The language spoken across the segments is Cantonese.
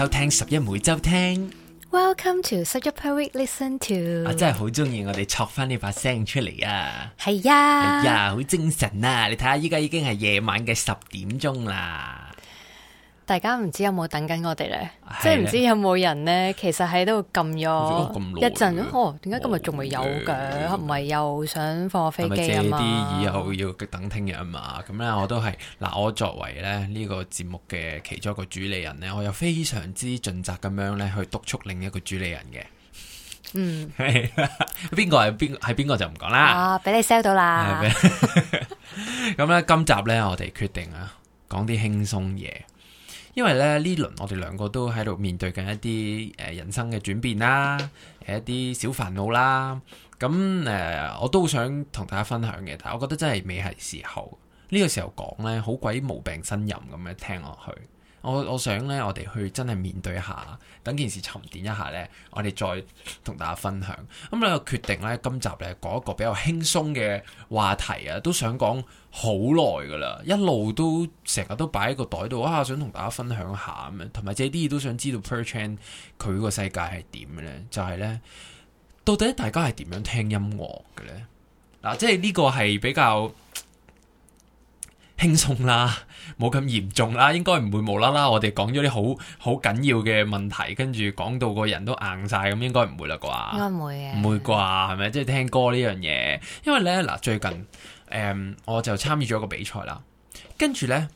收聽拾壹每周聽，Welcome to 拾壹 per week listen to。我真係好中意我哋挫翻呢把聲出嚟啊！係、啊、呀，哎、呀好精神啊！你睇下依家已經係夜晚嘅十點鐘啦。大家唔知有冇等緊我哋咧，即係唔知有冇人咧，其實喺度撳咗一陣，哦，點解今日仲未有嘅？唔係又想放飛機啊嘛？借啲以後要等聽日啊嘛。咁咧，我都係嗱，我作為咧呢個節目嘅其中一個主理人咧，我又非常之盡責咁樣咧去督促另一個主理人嘅。嗯，係邊個係邊？係邊個就唔講啦。啊，俾你 sell 到啦。咁咧，今集咧我哋決定啊，講啲輕鬆嘢。因為咧呢輪我哋兩個都喺度面對緊一啲誒、呃、人生嘅轉變啦，係一啲小煩惱啦。咁誒、呃，我都好想同大家分享嘅，但係我覺得真係未係時候。呢、這個時候講呢，好鬼無病呻吟咁樣聽落去。我我想咧，我哋去真係面對一下，等件事沉澱一下呢，我哋再同大家分享。咁、嗯、咧，決定呢，今集咧，講一個比較輕鬆嘅話題啊，都想講好耐噶啦，一路都成日都擺喺個袋度啊，想同大家分享下咁，同埋即係啲都想知道 Perchan 佢個世界係點嘅呢？就係、是、呢，到底大家係點樣聽音樂嘅呢？嗱、啊，即係呢個係比較輕鬆啦，冇咁嚴重啦，應該唔會無啦啦，我哋講咗啲好好緊要嘅問題，跟住講到個人都硬晒，咁應該唔會啦啩，應該唔會嘅，唔會啩，係咪即係聽歌呢樣嘢。因為咧嗱，最近誒、嗯，我就參與咗一個比賽啦，跟住咧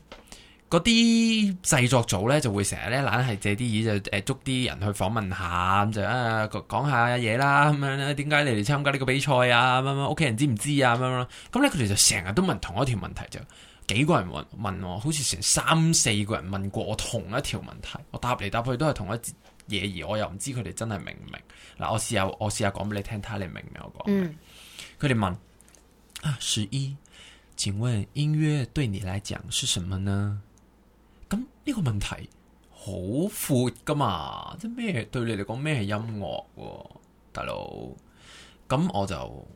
嗰啲製作組咧就會成日咧，懶係借啲嘢就誒捉啲人去訪問下，咁就啊講下嘢啦，咁樣咧，點解你哋參加呢個比賽啊？咁樣屋企人知唔知啊？咁樣咁咧，佢哋就成日都問同一條問題就。幾個人問問我，好似成三四個人問過我同一條問題，我答嚟答去都係同一嘢，而我又唔知佢哋真係明唔明。嗱，我試下我試下講俾你聽，睇你明唔明我講。佢哋、嗯、問啊，拾壹，請問音樂對你嚟講是什麼呢？咁呢個問題好闊㗎嘛，即咩對你嚟講咩係音樂？大佬，咁我就。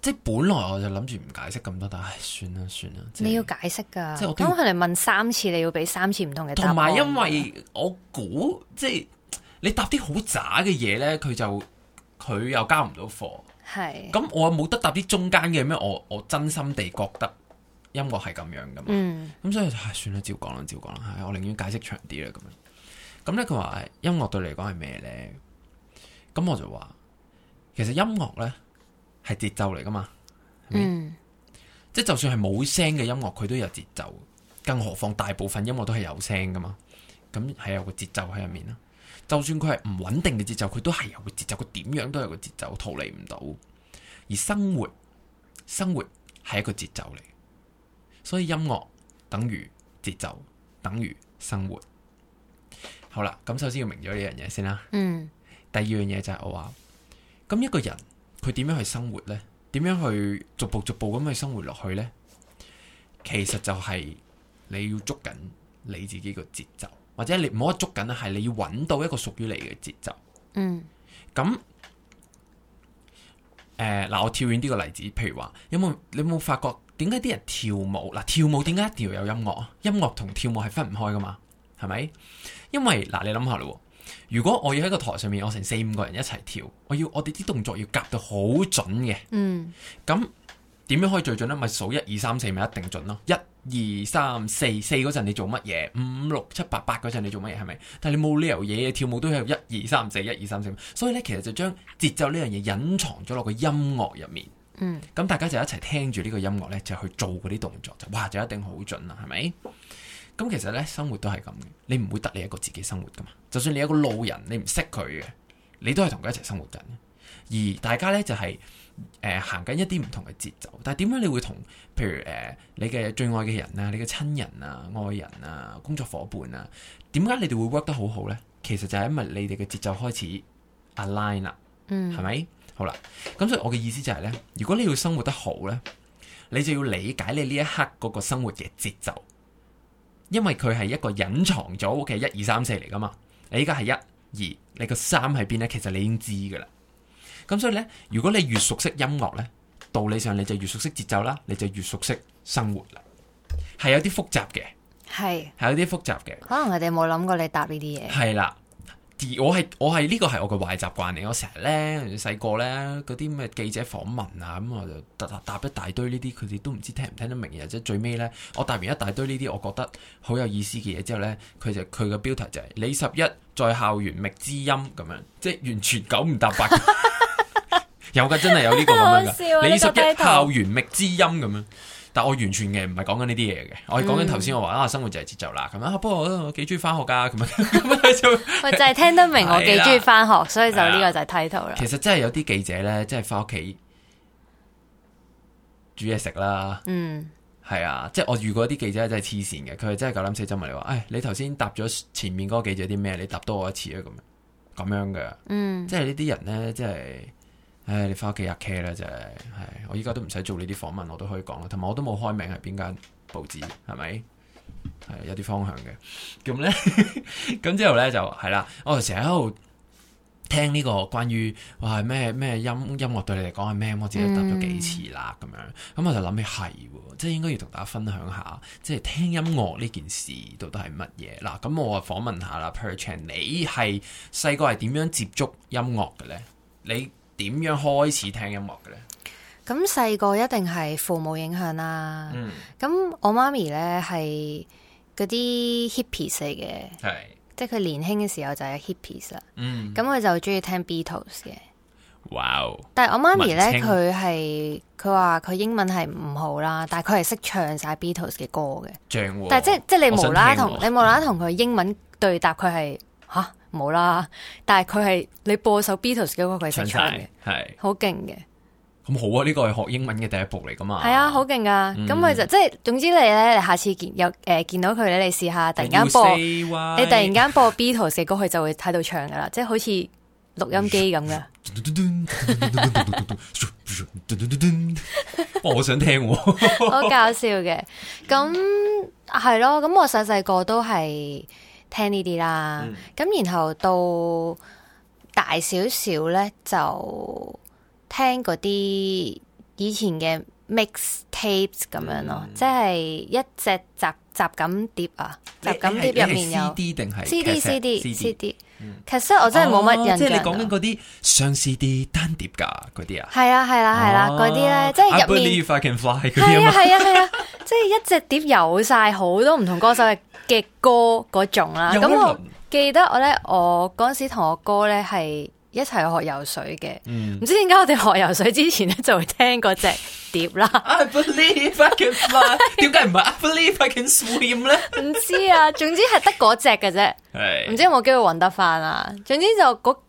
即係本來我就諗住唔解釋咁多，但係算啦算啦。你要解釋噶，即係我咁，佢哋問三次，你要俾三次唔同嘅答案。同埋因為我估，即係你答啲好渣嘅嘢咧，佢就佢又交唔到貨。係咁是，我又冇得答啲中間嘅咩？我我真心地覺得音樂係咁樣噶嘛。咁、嗯、所以唉，算啦，照講啦，照講啦。我寧願解釋長啲啦，咁樣。咁咧佢話，音樂對你嚟講係咩咧？咁我就話，其實音樂咧。係節奏嚟噶嘛？嗯，即就算係冇聲嘅音樂，佢都有節奏。更何況大部分音樂都係有聲噶嘛，咁係有個節奏喺入面啦。就算佢係唔穩定嘅節奏，佢都係有個節奏。佢點樣都有個節奏，逃離唔到。而生活，生活係一個節奏嚟，所以音樂等於節奏等於生活。好啦，咁首先要明咗呢樣嘢先啦。嗯，第二樣嘢就係我話，咁一個人。佢點樣去生活呢？點樣去逐步逐步咁去生活落去呢？其實就係你要捉緊你自己個節奏，或者你唔好捉緊啦，係你要揾到一個屬於你嘅節奏。嗯，咁誒，嗱、呃、我跳遠呢個例子，譬如話有冇，你有冇發覺點解啲人跳舞？嗱，跳舞點解一定要有音樂啊？音樂同跳舞係分唔開噶嘛？係咪？因為嗱，你諗下啦。如果我要喺個台上面，我成四五個人一齊跳，我要我哋啲動作要夾到好準嘅。嗯，咁點樣可以最準呢？咪數一二三四，咪一定準咯。一二三四，四嗰陣你做乜嘢？五六七八八嗰陣你做乜嘢？係咪？但係你冇理由嘢跳舞都係一二三四，一二三四。所以咧，其實就將節奏呢樣嘢隱藏咗落個音樂入面。嗯，咁大家就一齊聽住呢個音樂咧，就去做嗰啲動作，就哇，就一定好準啦，係咪？咁其實咧，生活都係咁嘅，你唔會得你一個自己生活噶嘛。就算你一個路人，你唔識佢嘅，你都係同佢一齊生活緊。而大家咧就係誒行緊一啲唔同嘅節奏。但係點解你會同譬如誒、呃、你嘅最愛嘅人啊、你嘅親人啊、愛人啊、工作夥伴啊，點解你哋會 work 得好好咧？其實就係因為你哋嘅節奏開始 align 啦，嗯，係咪？好啦，咁所以我嘅意思就係、是、咧，如果你要生活得好咧，你就要理解你呢一刻嗰個生活嘅節奏。因為佢係一個隱藏咗嘅一二三四嚟噶嘛，你依家係一、二，你個三喺邊咧？其實你已經知噶啦。咁所以咧，如果你越熟悉音樂咧，道理上你就越熟悉節奏啦，你就越熟悉生活啦。係有啲複雜嘅，係係是有啲複雜嘅。可能佢哋冇諗過你答呢啲嘢。係啦。我係我係呢個係我嘅壞習慣嚟，我成日咧細個咧嗰啲咩記者訪問啊，咁我就答答答一大堆呢啲，佢哋都唔知聽唔聽得明嘅，即係最尾咧，我答完一大堆呢啲，我覺得好有意思嘅嘢之後咧，佢就佢嘅標題就係李拾壹在校園覓知音咁樣，即係完全九唔搭八，有㗎真係有呢個咁樣㗎，李拾壹校園覓知音咁樣。但我完全嘅，唔係講緊呢啲嘢嘅，我係講緊頭先我話，嗯、啊，生活就係節奏啦，咁啊，不過我我幾中意翻學噶，咁樣咁就我就係聽得明，我幾中意翻學，了所以就呢個就係 title 啦。其實真係有啲記者咧，即係翻屋企煮嘢食啦，嗯，係啊，即係我遇過啲記者真係黐線嘅，佢真係夠膽死針嚟話，誒、哎，你頭先答咗前面嗰個記者啲咩？你答多我一次啊，咁樣咁樣嘅，嗯，即係呢啲人咧，即係。誒，你翻屋企啊 care 啦，就係，係我依家都唔使做呢啲訪問，我都可以講啦。同埋我都冇開名係邊間報紙，係咪？係有啲方向嘅。咁咧，咁 之後咧就係啦。我成日喺度聽呢個關於話咩咩音音樂對你嚟講係咩，我自己都答咗幾次啦。咁、嗯、樣，咁我就諗起係，即係應該要同大家分享下，即係聽音樂呢件事到底係乜嘢嗱，咁我啊訪問下啦，Per Chan，你係細個係點樣接觸音樂嘅咧？你？點樣開始聽音樂嘅呢？咁細個一定係父母影響啦。嗯，咁我媽咪呢，係嗰啲 hippies 嚟嘅，係，是即係佢年輕嘅時候就係 hippies 啦。咁佢、嗯、就中意聽 Beatles 嘅。哇 Wow, 但係我媽咪呢，佢係佢話佢英文係唔好啦，但係佢係識唱晒 Beatles 嘅歌嘅。哦、但係即係即係你無啦啦同、哦、你無啦啦同佢英文對答佢係吓。冇啦，但係佢係，你播首 Beatles 嘅歌，佢就唱嘅完，係好勁嘅。咁好啊，呢個係學英文嘅第一步嚟噶嘛。係啊，好勁噶。咁佢就即係，總之你咧，你下次見有誒見到佢咧，你試下突然間播，你，你，你突然間播 Beatles 嘅歌，佢就會喺度唱噶啦。即係好似錄音機咁嘅！我想聽、啊 好，好搞笑嘅。咁係咯，咁我細細個都係。聽呢啲啦，咁然後到大少少咧就聽嗰啲以前嘅 mix tapes 咁樣咯，即係一隻集集錦碟啊，集錦碟入面有 C D 定係 C D C D C D，其實我真係冇乜印象。即係你講緊嗰啲相 C D 單碟噶嗰啲啊？係啊係啦係啦，嗰啲咧即係入面。阿啊？係啊係啊，即係一隻碟有晒好多唔同歌手嘅嘅歌嗰種啦，咁我記得我呢，我嗰陣時同我哥呢係，一齊學游水嘅，唔、嗯、知點解我哋學游水之前咧就會聽嗰隻碟啦。I believe I can fly。點解唔係 I believe I can swim 咧？唔知啊，總之係是 得嗰隻嘅啫。係，唔知有冇機會搵得返啦。總之就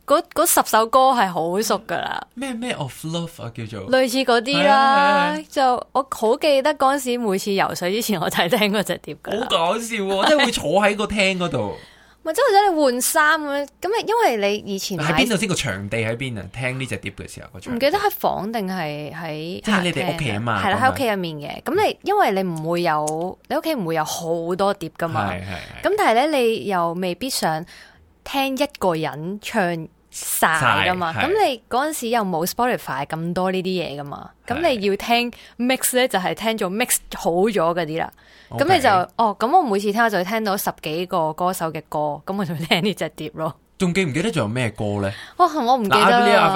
嗰十首歌係好熟噶啦。咩咩 of love 啊，叫做類似嗰啲啦。啊啊啊、就我好記得嗰陣時，每次游水之前我就係聽嗰隻碟噶好搞笑、啊，我真係會坐喺個廳嗰度。 或者係真係你換衫咁，咁你因為你以前喺邊度先個場地喺邊啊？聽呢隻碟嘅時候，唔記得喺房定係喺即係你哋屋企啊嘛？係啦對，喺屋企入面嘅。咁你、嗯、因為你唔會有，你屋企唔會有好多碟噶嘛。咁但係咧，你又未必想聽一個人唱。晒噶嘛？咁、啊啊、你嗰陣時又冇 Spotify 咁多呢啲嘢噶嘛？咁、啊、你要聽 mix 咧，就係聽咗 mix 好咗嗰啲啦。咁 Okay、嗯、你就哦，咁、嗯、我每次聽我就會聽到十幾個歌手嘅歌，咁、嗯、我就會聽呢隻碟咯。仲、嗯、記唔記得仲有咩歌咧、喔？我唔記得呢啊，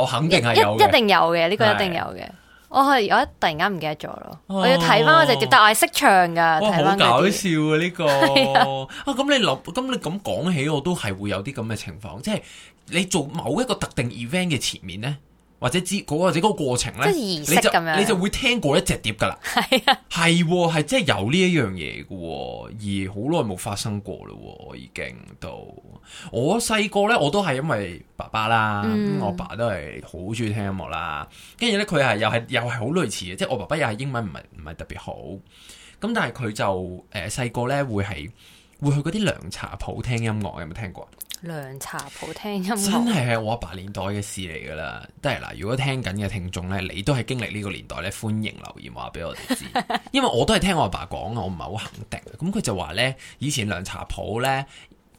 我肯定係一,一定有嘅。呢、這個一定有嘅、哦。我係我突然間唔記得咗咯。我要睇翻嗰隻碟，但我係識唱噶。好搞笑啊！呢、這個 啊，咁、啊啊、你諗，咁你咁講起，我都係會有啲咁嘅情況，即係。你做某一個特定 event 嘅前面咧，或者知嗰或者個過程咧，你就咁樣你就會聽過一隻碟噶啦， 係係係即係有呢一樣嘢嘅，而好耐冇發生過啦，已經都，我細個咧，我都係因為爸爸啦，我爸都係好中意聽音樂啦，跟住咧佢係又係又係好類似嘅，即係我爸爸又係、就是、英文唔係唔係特別好，咁但係佢就誒細個咧會係會去嗰啲涼茶鋪聽音樂，有冇聽過？涼茶鋪聽音樂真係喺我阿爸年代嘅事嚟噶啦，即係嗱，如果聽緊嘅聽眾呢，你都係經歷呢個年代呢。歡迎留言話俾我哋知， 因為我都係聽我阿爸講，我唔係好肯定。咁佢就話呢：「以前涼茶鋪呢，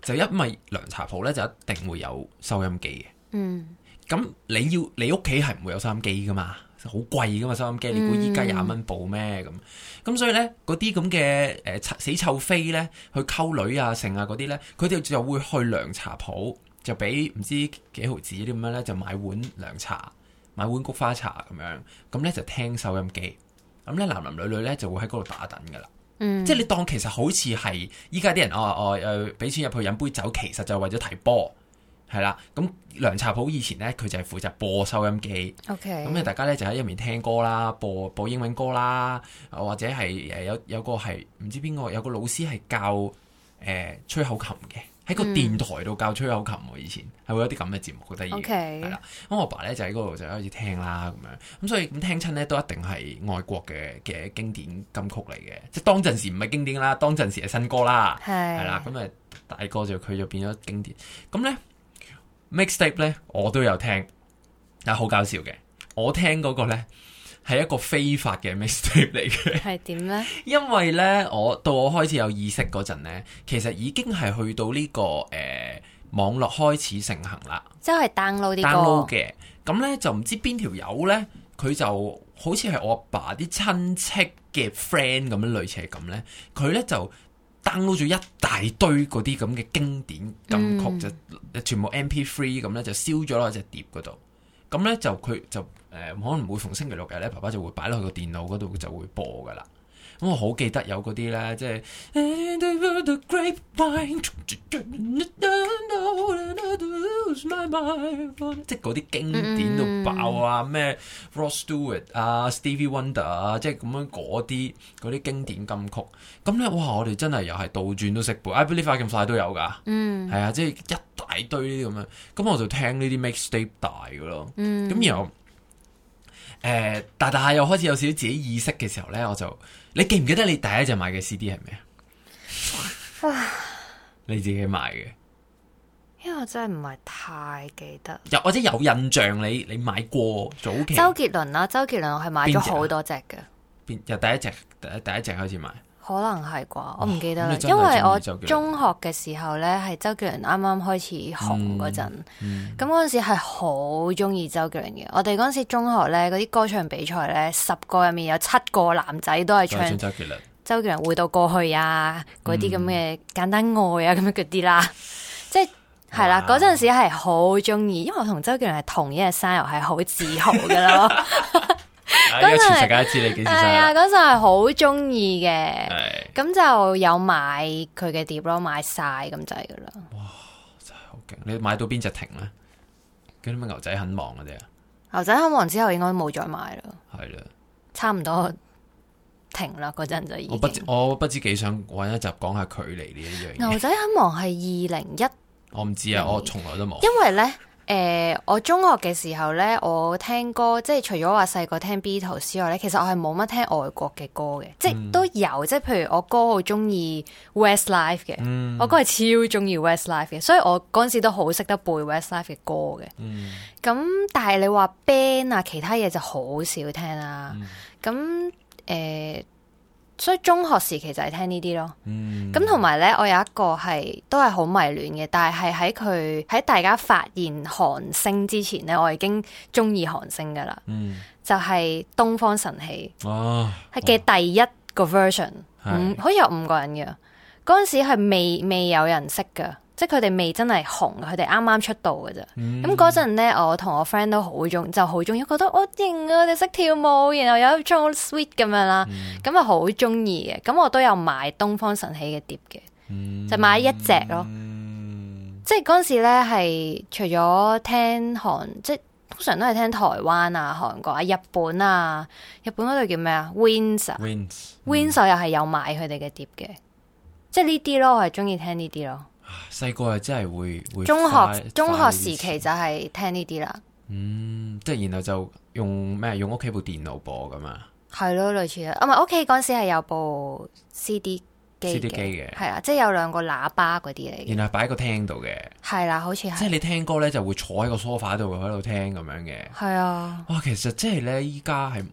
就因為涼茶鋪呢，就一定會有收音機嘅。嗯，咁你要你屋企係唔會有收音機噶嘛？好貴噶嘛收音機，你估依家廿蚊部咩咁？咁、嗯、所以咧，嗰啲咁嘅誒死臭飛咧，去溝女啊剩啊嗰啲咧，佢哋就會去涼茶鋪，就俾唔知幾毫子咁樣咧，就買碗涼茶，買碗菊花茶咁樣，咁咧就聽收音機，咁咧男男女女咧就會喺嗰度打等噶啦，嗯，即係你當其實好似係依家啲人哦哦誒，俾、呃、錢入去飲杯酒，其實就係為咗睇波。係啦，咁涼茶鋪以前咧，佢就係負責播收音機。咁咧，大家咧就喺入面聽歌啦，播播英文歌啦，或者係誒有有個係唔知邊個，有、個、有個老師係教誒、呃、吹口琴嘅，喺個電台度教吹口琴喎。嗯、以前係會有啲咁嘅節目嘅。好得意，係啦 Okay.，咁我爸咧就喺嗰度就開始聽啦，咁樣咁所以咁聽親咧都一定係外國嘅嘅經典金曲嚟嘅，即係當陣時唔係經典啦，當陣時係新歌啦，係啦的，咁誒大個就佢就變咗經典，咁咧。Mixtape 咧，mix tape, 我都有聽，但好搞笑嘅。我聽嗰個咧，係一個非法嘅 Mixtape 嚟嘅。係點咧？因為咧，我到我開始有意識嗰陣咧，其實已經係去到呢、這個誒、呃、網絡開始盛行啦。即係 download 啲歌嘅，咁咧就唔知邊條友咧，佢就好似係我阿爸啲親戚嘅 friend 咁樣類似係咁咧，佢咧就。download 咗一大堆嗰啲咁嘅經典金曲，嗯、就全部 MP3 咁咧就燒咗落隻碟嗰度，咁咧就佢就誒、呃、可能會逢星期六日咧，爸爸就會擺落去個電腦嗰度就會播㗎喇。咁我好記得有嗰啲咧，即係即係嗰啲經典到爆、mm. Stewart, 啊！咩？Ross Stewart 啊，Stevie Wonder 啊，即係咁樣嗰啲啲經典金曲。咁咧，我話我哋真係又係倒轉都識背。 I Believe I Can Fly 都有㗎，係、mm. 啊，即係一大堆呢啲咁樣。咁我就聽呢啲 Make Steady 大㗎咯。咁、mm. 然後。誒，但但係又開始有少少自己意識嘅時候呢，我就你記唔記得你第一隻買嘅 CD 係咩啊？唉你自己買嘅，因為我真係唔係太記得，又或者有印象你你買過早期周杰倫啦、啊，周杰倫我係買咗好多隻嘅，邊由第一隻第第一隻開始買。可能係啩，嗯、我唔記得啦。嗯、因為我中學嘅時候呢，係周杰倫啱啱開始紅嗰陣，咁嗰陣時係好中意周杰倫嘅。我哋嗰陣時中學呢，嗰啲歌唱比賽呢，十個入面有七個男仔都係唱周杰倫。周杰倫回到過去啊，嗰啲咁嘅簡單愛啊，咁樣嗰啲啦，即係係啦。嗰陣時係好中意，因為我同周杰倫係同一日生，又係好自豪噶咯。嗰陣係，係啊、哎，嗰陣係好中意嘅，咁的就有買佢嘅碟咯，買晒咁滯㗎啦。哇，真係好勁！你買到邊隻停咧？嗰啲咩牛仔很忙嗰啲啊？牛仔很忙之後應該都冇再買啦。係啦的，差唔多停啦，嗰陣就已經。我不我不知幾想揾一集講下距離呢一樣嘢。牛仔很忙係二零一，我唔知啊，我從來都冇。因為咧。誒、呃，我中學嘅時候咧，我聽歌即係除咗話細個聽 Beatles 之外咧，其實我係冇乜聽外國嘅歌嘅，嗯、即係都有，即係譬如我哥好中意 Westlife 嘅，嗯、我哥係超中意 Westlife 嘅，所以我嗰陣時都好識得背 Westlife 嘅歌嘅。咁、嗯、但係你話 band 啊，其他嘢就好少聽啦、啊。咁誒、嗯。呃所以中學時期就係聽呢啲咯，咁同埋咧，我有一個係都係好迷戀嘅，但係喺佢喺大家發現韓星之前咧，我已經中意韓星噶啦，嗯、就係東方神起哦，係、哦、嘅第一個 version，五可以有五個人嘅，嗰陣時係未未有人識噶。即係佢哋未真係紅，佢哋啱啱出道嘅咋。咁嗰陣咧，我同我 friend 都好中，就好中意，覺得我型啊，佢哋識跳舞，然後又裝好 sweet 咁樣啦，咁啊好中意嘅。咁、hmm. 我都有買東方神起嘅碟嘅，就買一隻咯。Mm hmm. 即係嗰陣時咧，係除咗聽韓，即係通常都係聽台灣啊、韓國啊、日本啊、日本嗰度叫咩啊？Wins，Wins，Wins、mm hmm. 又係有買佢哋嘅碟嘅，即係呢啲咯，我係中意聽呢啲咯。細個係真係會，會中學點點中學時期就係聽呢啲啦。嗯，即係然後就用咩？用屋企部電腦播㗎嘛？係咯，類似啊。我咪屋企嗰時係有部 CD 機嘅，係啊，即係有兩個喇叭嗰啲嚟。然後擺喺個廳度嘅，係啦，好似係。即係你聽歌咧，就會坐喺個梳化度，喺度聽咁樣嘅。係啊，哇、哦，其實即係咧，依家係。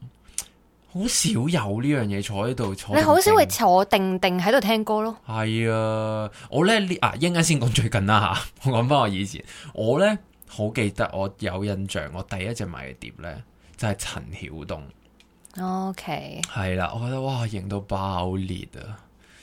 好少有呢樣嘢坐喺度坐，你好少會坐定定喺度聽歌咯。係啊，我咧啊，陣間先講最近啦吓，我講返我以前，我咧好記得，我有印象，我第一隻買嘅碟咧就係陳曉東。OK，係啦，我覺得哇，型到爆裂啊！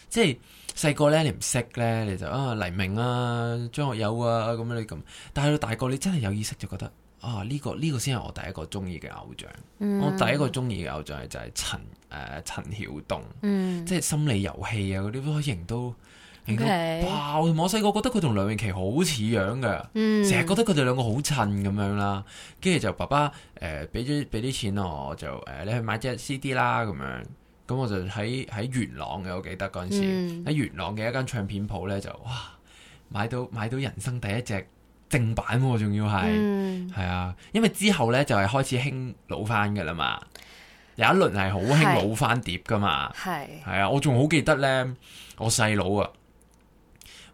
即係細個咧，你唔識咧，你就啊黎明啊張學友啊咁樣啲咁，但係到大個你真係有意識就覺得。啊！呢個呢個先係我第一個中意嘅偶像。嗯、我第一個中意嘅偶像就係陳誒、呃、陳曉東，嗯、即係心理遊戲啊嗰啲都型到型到。嗯、okay，哇！我細個覺得佢同梁詠琪好似樣嘅，成日、嗯、覺得佢哋兩個好襯咁樣啦。跟住就爸爸誒俾啲俾啲錢我，我就誒、呃、你去買隻 CD 啦咁樣。咁我就喺喺元朗嘅，我記得嗰陣時喺、嗯、元朗嘅一間唱片鋪呢，就哇買到買到人生第一隻。正版喎、啊，仲要係，係、嗯、啊，因為之後咧就係、是、開始興老翻嘅啦嘛，有一輪係好興老翻碟噶嘛，係是，係啊，我仲好記得咧，我細佬啊，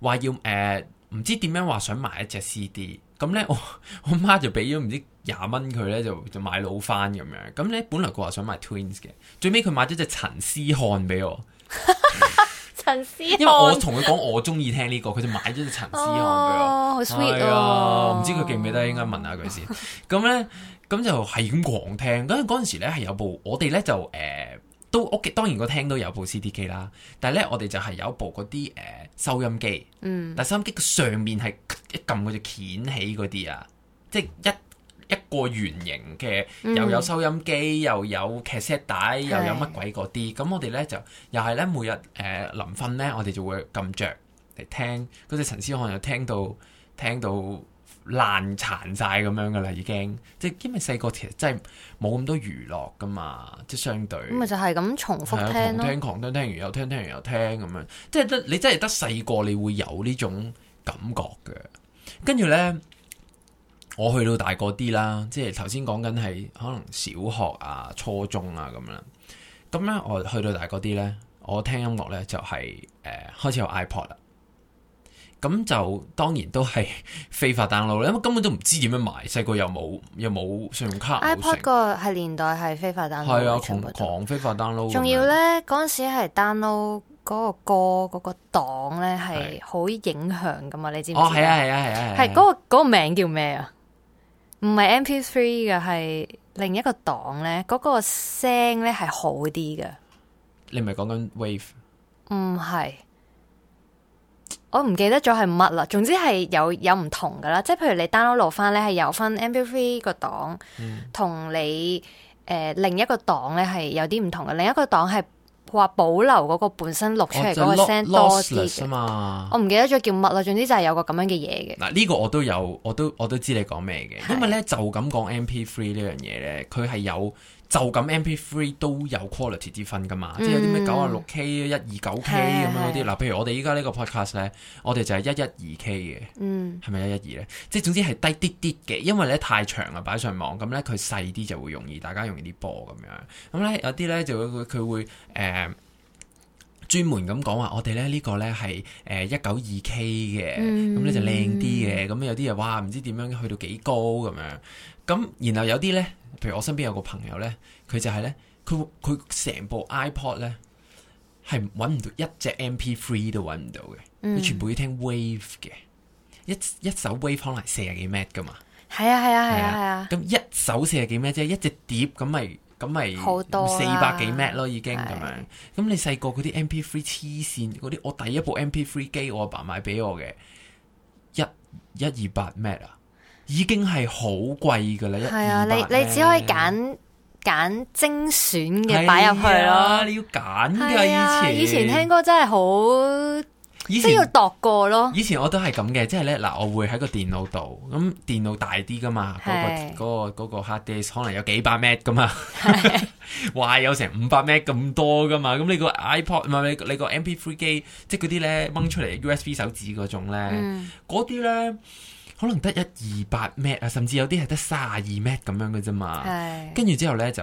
話要誒唔知點樣話想買一隻 CD，咁咧我我媽就俾咗唔知廿蚊佢咧就就買老翻咁樣，咁咧本來佢話想買 Twins 嘅，最尾佢買咗隻陳思翰俾我。 陳、這個、思問問， 因為我同佢講我中意聽呢個，佢就買咗隻陳思瀚嘅。係啊，唔知佢記唔記得，應該問下佢先。咁咧，咁就係咁狂聽。咁嗰陣時咧，係有部我哋咧就誒，都屋企當然個廳都有部 C D 機啦，但係咧我哋就係有部嗰啲誒收音機，嗯，但收音機上面係一撳佢就掀起嗰啲啊，即係一。一個圓形嘅，又有收音機，又有磁帶，又有乜鬼嗰啲。咁我哋咧就又係咧每日誒臨瞓咧，我哋就會撳着嚟聽。嗰隻陳思漢又聽到聽到爛殘晒咁樣噶啦，已經即係因為細個其實真係冇咁多娛樂噶嘛，即係相對咪就係咁重複聽咯，狂聽狂聽聽完又聽聽完又聽咁樣，即係得你真係得細個，你會有呢種感覺嘅。跟住咧。我去到大個啲啦，即係頭先講緊係可能小學啊、初中啊咁樣。咁咧，我去到大個啲咧，我聽音樂咧就係誒開始有 iPod 啦。咁就當然都係非法 download 啦，因為根本都唔知點樣買，細個又冇又冇信用卡。iPod 個係年代係非法 download，係啊，狂狂非法 download。仲要咧嗰陣時係 download 嗰個歌嗰個檔咧係好影響噶嘛，你知唔知？係啊，係啊，係啊，係。嗰個嗰個名叫咩啊？唔係 M P three 嘅，係另一個檔咧，嗰個聲咧係好啲嘅。你唔係講緊 wave？唔係，我唔記得咗係乜啦。總之係有有唔同噶啦，即係譬如你 download 翻咧，係有分 M P three 個檔，同你誒另一個檔咧係有啲唔同嘅，另一個檔係。話保留嗰個本身錄出嚟嗰個聲多啲㗎嘛？ 我唔記得咗叫乜啦。總之就係有個咁樣嘅嘢嘅。嗱，呢個我都有，我都我都知你講咩嘅。因為咧就咁講 MP3 呢樣嘢咧，佢係有。就咁 MP3 都有 quality 之分噶嘛，嗯、即係有啲咩九啊六 K, K、嗯、一二九 K 咁樣嗰啲。嗱的，譬如我哋依家呢個 podcast 咧，我哋就係一一二 K 嘅，係咪一一二咧？即係總之係低啲啲嘅，因為咧太長啦，擺上網咁咧，佢細啲就會容易大家容易啲播咁樣。咁咧有啲咧就會佢會誒專門咁講話，我哋咧呢、呢個咧係誒一九二 K 嘅，咁咧就靚啲嘅。咁有啲嘢哇，唔知點樣去到幾高咁樣。咁然，然後有啲咧。呢譬如我身邊有個朋友咧，佢就係咧，佢佢成部 iPod 咧係揾唔到一隻 MP3 都揾唔到嘅，你、嗯、全部要聽 wave 嘅，一一首 wave 可能四十幾 mat 噶嘛，係啊係啊係啊係啊，咁、啊啊啊啊、一首四十幾 mat 即係？一隻碟咁咪咁咪好多四百幾 mat 咯，已經咁樣。咁多你細個嗰啲 MP3 黐線，嗰啲我第一部 MP3 機我阿爸，爸買俾我嘅，一一二八 mat 啊。已經係好貴噶啦，係啊，500 m. 你你只可以揀揀精選嘅擺入去啦、啊。你要揀嘅、啊，以前以前聽歌真係好，以都前要度過咯。以前我都係咁嘅，即係咧嗱，我會喺個電腦度，咁電腦大啲噶嘛，嗰是、那個嗰、那個、那個 hard disk 可能有幾百 meg 噶嘛，是 哇有成五百 meg 咁多噶嘛，咁你個 ipod 唔、呃、係你你個 mp three 機，即係嗰啲咧掹出嚟 usb 手指嗰種咧，嗰啲咧。可能得一二八咩，啊，甚至有啲係得卅二咩 a t 咁樣嘅啫嘛。跟住是之後咧就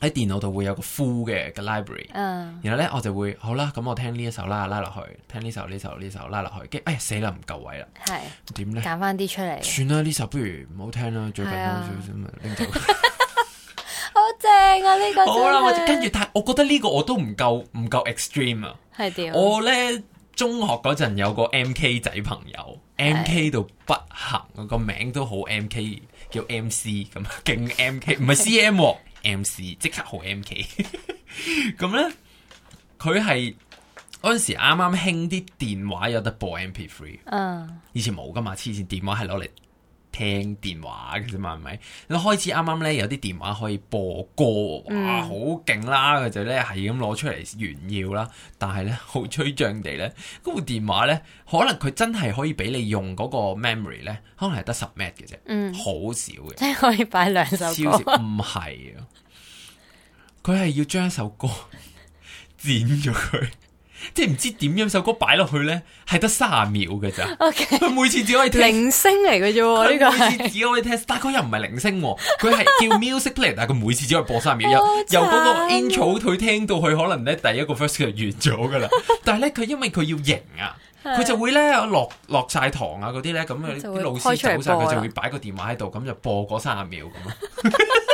喺電腦度會有個 full 嘅個 library。然後咧我就會好啦，咁我聽呢一首啦，拉落去聽呢首呢首呢首拉落去。跟住哎呀，死啦，唔夠位啦，係點咧？揀翻啲出嚟，算啦呢首，不如唔好聽啦，最近少少咁拎走。好正啊！呢、這個好啦，跟住但我覺得呢個我都唔夠唔夠 extreme 啊，係點？天あ System 我咧。中學嗰陣有個 M K 仔朋友的，M K 到不行，個名都好 M K，叫 M C 咁，勁 M K，唔係 C M 喎，M C 即刻好 M K，咁呢，佢係嗰陣時啱啱興啲電話有得播 M P three，以前冇噶嘛，黐線電話係攞嚟。聽電話嘅啫嘛，係咪？你開始啱啱咧有啲電話可以播歌，啊，好勁、嗯、啦！佢就咧係咁攞出嚟炫耀啦。但係咧好吹脹地咧，嗰、那、部、個、電話咧可能佢真係可以俾你用嗰個 memory 咧，可能係得十 MB 嘅啫，好少嘅。即係可以擺兩、mm 嗯、首歌。唔係小，佢係 要將一首歌 剪咗佢。即係唔知點樣首歌擺落去咧，係得卅秒嘅咋？佢 Okay, 每次只可以聽鈴聲嚟嘅啫，呢每次只可以聽， 但佢又唔係鈴聲、啊，佢係叫 music play， 但係佢每次只可以播卅秒。 由又嗰個 intro，佢聽到佢可能咧第一個 first 就完咗噶啦。 但係咧佢因為佢要型啊，佢就會咧落落晒堂啊嗰啲咧，咁啊啲老師走晒，佢就會擺個電話喺度，咁就播嗰卅秒咁啊。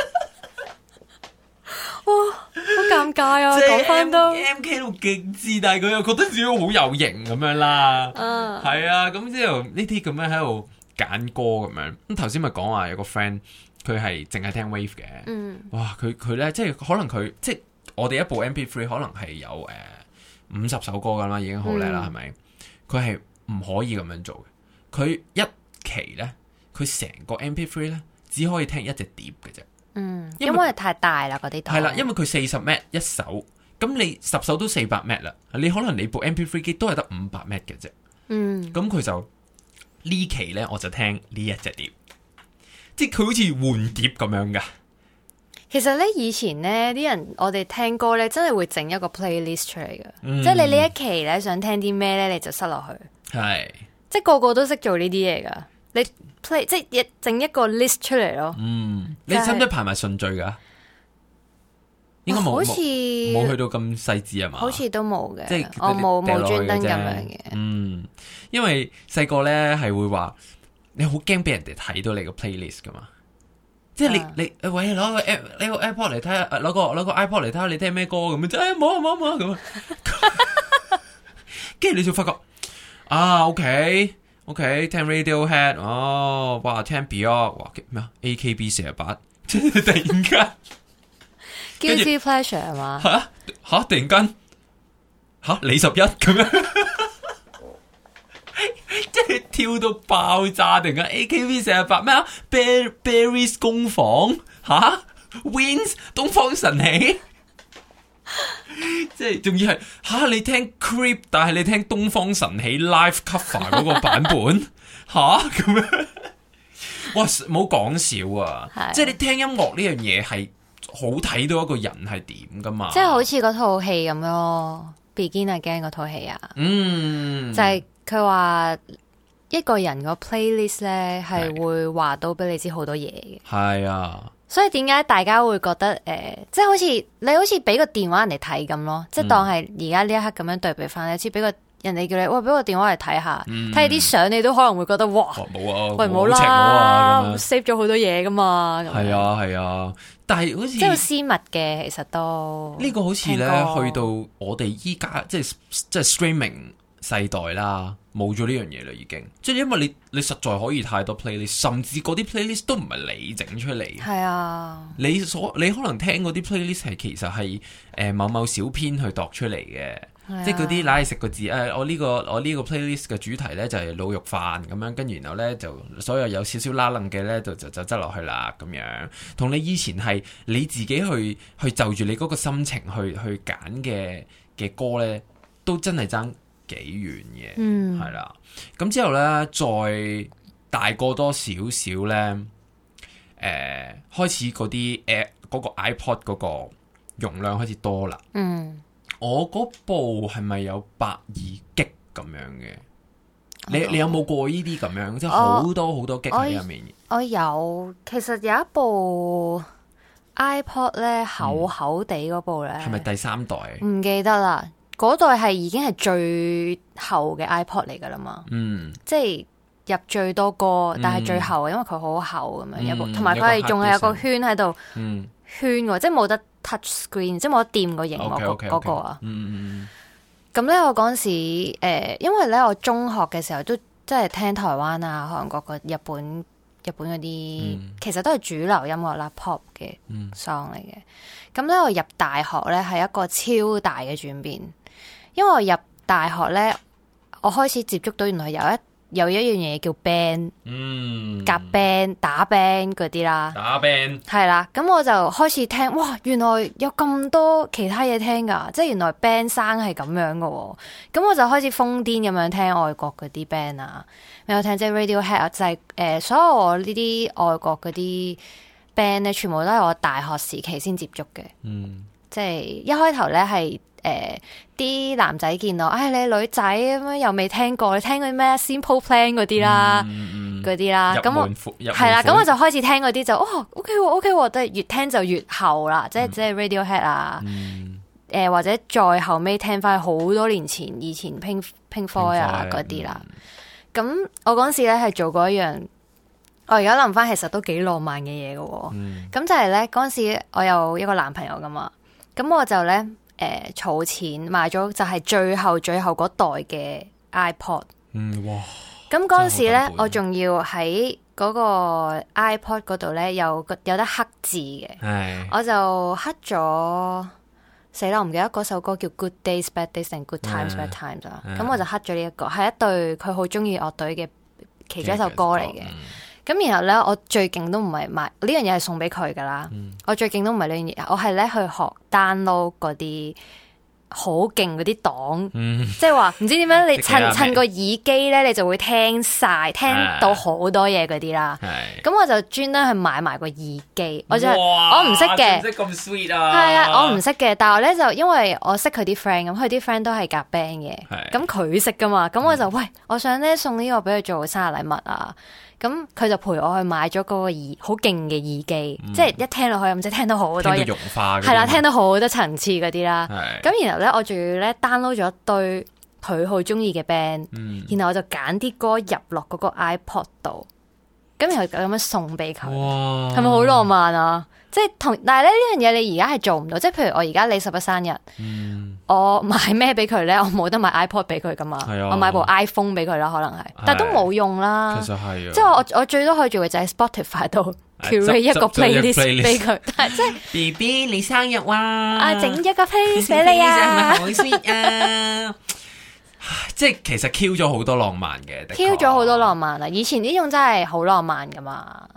哦、好尷尬啊！講返 都。M K 到極致，但係佢又覺得自己好有型咁樣啦。嗯，係啊，咁之後呢啲咁樣喺度揀歌咁樣。咁頭先咪講話有個 friend 佢係淨係聽 wave 嘅。嗯，哇，佢佢咧，即係可能佢即係我哋一部 M P three 可能係有誒五十首歌噶啦，已經好叻啦，係咪、嗯？佢係唔可以咁樣做嘅。佢一期咧，佢成個 M P three 咧，只可以聽一隻碟嘅啫。嗯，因為，因為太大啦，嗰啲都係啦，因為佢四十 M 一首，咁你十首都四百 M 啦，你可能你部 MP three 機都係得五百 M 嘅啫。嗯，咁佢就期呢期咧，我就聽呢一隻碟，即係佢好似換碟咁樣噶。其實咧，以前咧，啲人我哋聽歌咧，真係會整一個 playlist 出嚟噶，嗯、即係你呢一期咧想聽啲咩咧，你就塞落去，係是，即係個個都識做呢啲嘢噶。你 play 即係整一個 list 出嚟咯。嗯，就是，你差唔多排埋順序噶，應該冇，好似冇去到咁細緻啊嘛。好似都冇嘅，即係我冇冇專登咁樣嘅。嗯，因為細個咧係會話，你好驚俾人哋睇到你個 playlist 噶嘛。即係你、啊、你喂攞個 app，你個 iPod 嚟睇下，攞個攞個 iPod 嚟睇下你聽咩歌咁，即係冇冇冇咁。跟、哎、住 你就發覺啊，啊，OK 啊。Okay, O K，聽 Radiohead，哦，哇，聽 Beyond，哇，咩 A K B 四十八，突然間，Guilty Pleasure 係嘛？吓吓，突然間，吓李拾壹咁樣，即係跳到爆炸，突然間 A K B 四十八咩啊？Berryz 工房吓，Wins 東方神起。即係，仲要係吓、啊、你聽 Creep，但係你聽東方神起 Live Cover 嗰個版本吓咁、 啊、樣，哇冇講笑啊！ 即係你聽音樂呢樣嘢係好睇到一個人係點噶嘛？即係好似嗰套戲咁咯，Begin Again 嗰套戲啊，嗯，就係佢話一個人個 Playlist 咧係會話到俾你知好多嘢嘅，係啊。所以點解大家會覺得誒、呃，即係好似你好似俾個電話人哋睇咁咯，嗯、即係當係而家呢一刻咁樣對比翻咧，似俾個人哋叫你，喂，俾個電話嚟睇下，睇下啲相，你都可能會覺得哇，冇啊，喂冇啦，save 咗好多嘢噶嘛，係啊係啊，但係好似即係私密嘅其實都呢個好似咧過去到我哋依家即係即係 streaming。世代啦，冇咗呢樣嘢啦，已經。即係因為你你實在可以太多 playlist，甚至嗰啲 playlist 都唔係你整出嚟。係啊，你所你可能聽嗰啲 playlist 係其實係誒、呃、某某小編去度出嚟嘅，啊、即係嗰啲拉食個字。誒、呃，我呢、這個我呢個 playlist 嘅主題呢就係、是、滷肉飯咁樣，跟住然後呢，就所有有少少拉楞嘅呢，就就就執落去啦咁樣。同你以前係你自己去去就住你嗰個心情去去揀嘅嘅歌呢，都真係爭幾遠嘅，嗯，係啦，咁之後咧再大過多少少咧？誒、呃，開始嗰啲誒，嗰、呃嗰個 iPod 嗰個容量開始多啦。嗯，我嗰部係咪有百二激咁樣嘅、嗯？你你有冇過呢啲咁樣？我即係好多好多激喺入面我。我有，其實有一部 iPod 咧，厚厚地嗰部咧，係咪、嗯、第三代？唔記得啦。嗰代係已經係最厚嘅 iPod 嚟噶啦嘛，嗯，即係入最多歌，但係最厚，因為佢好厚咁樣，有同埋佢係仲係有個圈喺度，圈喎，即係冇得 touch screen，即係冇得掂個螢幕嗰個啊，嗯嗯咁咧我嗰陣時，誒，因為咧我中學嘅時候都即係聽台灣啊、韓國、日本、日本嗰啲，其實都係主流音樂啦，pop 嘅 song 嚟嘅。咁咧我入大學咧係一個超大嘅轉變。因為我入大學咧，我開始接觸到原來有一有一樣嘢叫 band，嗯，夾 band 打 band 嗰啲啦，打 band 係啦，咁我就開始聽，哇，原來有咁多其他嘢聽噶，即係原來 band 生係咁樣噶、喔，咁我就開始瘋癲咁樣聽外國嗰啲 band 啊，有聽即 Radiohead，就係、是、誒、呃，所有我呢啲外國嗰啲 band 咧，全部都係我大學時期先接觸嘅，嗯，即係一開頭咧係。誒，啲、呃、男仔見到，哎，你女仔咁樣又未聽過？你聽嗰啲咩 Simple Plan 嗰啲啦，嗰啲、嗯嗯、啦，咁我係啦，咁、嗯嗯啊、我就開始聽嗰啲就哦，OK，OK，都係越聽就越後啦，即係即係 Radiohead 啊，誒、嗯呃，或者再後尾聽翻好多年前以前 Pink Floyd 啊嗰啲啦。咁、嗯、我嗰時咧係做過一樣，我而家諗翻，其實都幾浪漫嘅嘢噶。咁、嗯、就係咧，嗰陣時我有一個男朋友噶嘛，咁我就咧。誒，儲、呃、錢買咗就係最後最後嗰代嘅 iPod，嗯咁嗰陣時咧唉，我仲要喺嗰個 iPod 嗰度咧，有有得刻字嘅，係我就刻咗死啦！我唔記得嗰首歌叫 Good Days Bad Days and Good Times、嗯、Bad Times 啦、嗯，咁、嗯、我就刻咗呢一個係一對佢好中意樂隊嘅其中一首歌嚟嘅。嗯咁然後咧，我最勁都唔係買呢樣嘢，係送俾佢噶啦。我最勁都唔係呢樣嘢，我係咧去學 download 嗰啲好勁嗰啲檔，即係話唔知點樣，你趁趁個耳機咧，你就會聽晒，聽到好多嘢嗰啲啦。咁我就專登去買埋個耳機。我就我唔識嘅，咁 sweet 啊！係啊，我唔識嘅。但係我咧就因為我識佢啲 friend，咁佢啲 friend 都係夾 band 嘅，咁佢識噶嘛。咁我就喂，我想咧送呢個俾佢做生日禮物啊！咁佢就陪我去買咗嗰個耳好勁嘅耳機，嗯，即係一聽落去咁即係聽到好多嘢，融化，係啦， 聽到好多層次嗰啲啦。咁是然後咧，我仲要咧 download 咗一堆佢好中意嘅 band，然後我就揀啲歌入落嗰個 ipod 度，咁然後就咁樣送俾佢，係咪好浪漫啊？即係同，但係咧呢樣嘢你而家係做唔到。即係譬如我而家你十一生日，我買咩俾佢咧？我冇得買 iPod 俾佢噶嘛？我買部 iPhone 俾佢啦，可能係，但都冇用啦。其實係，即係我我最多可以做嘅就係 Spotify 度 create 一個 playlist 俾佢。但係即係 B B 你生日哇！啊，整一個 playlist 俾你啊！唔係頭先啊，即係其實 Q 咗好多浪漫嘅，Q 咗好多浪漫啊！以前呢種真係好浪漫噶嘛。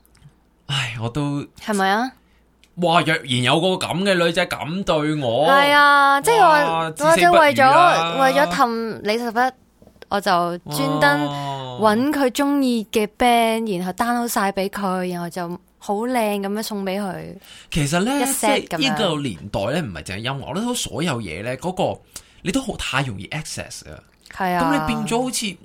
唉，我都係咪啊？哇！若然有個咁嘅女仔咁對我，係 啊，即係我，或者為咗為咗氹李拾壹，我就專登揾佢中意嘅 band，哇然後 download 晒俾佢，然後就好靚咁樣送俾佢。其實咧，呢個年代咧，唔係淨係音樂，我諗所有嘢咧，嗰個你都好太容易 access 啊。係啊、嗯，咁你變咗好似。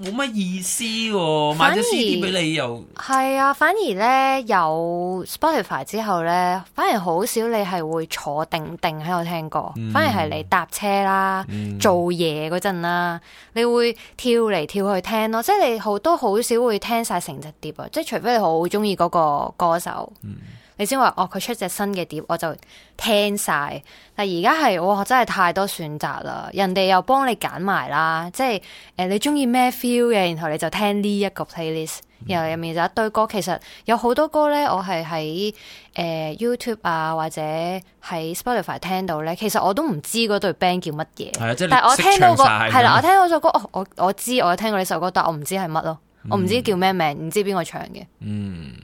冇乜意思喎、哦，反而買咗 CD 俾你又。係啊，反而咧有 Spotify 之後咧，反而好少你係會坐定定喺度聽歌，嗯、反而係你搭車啦、嗯、做嘢嗰陣啦，你會跳嚟跳去聽咯，即係你好都好少會聽晒成隻碟啊，即係除非你好鍾意嗰個歌手。嗯。你先話哦，佢出隻新嘅碟，我就聽晒。但而家係我真係太多選擇啦！人哋又幫你揀埋啦，即係誒、呃，你中意咩 feel 嘅，然後你就聽呢一個 playlist，然後入面就一堆歌。其實有好多歌咧，我係喺誒 YouTube 啊或者喺 Spotify 聽到咧，其實我都唔知嗰對 band 叫乜嘢。係啊，即係你識唱晒，但係我聽到個。係啦唱完，我聽到嗰首歌，我我知我聽過呢首歌，但我唔知係乜咯，嗯、我唔知叫咩名，唔知邊個唱嘅。嗯。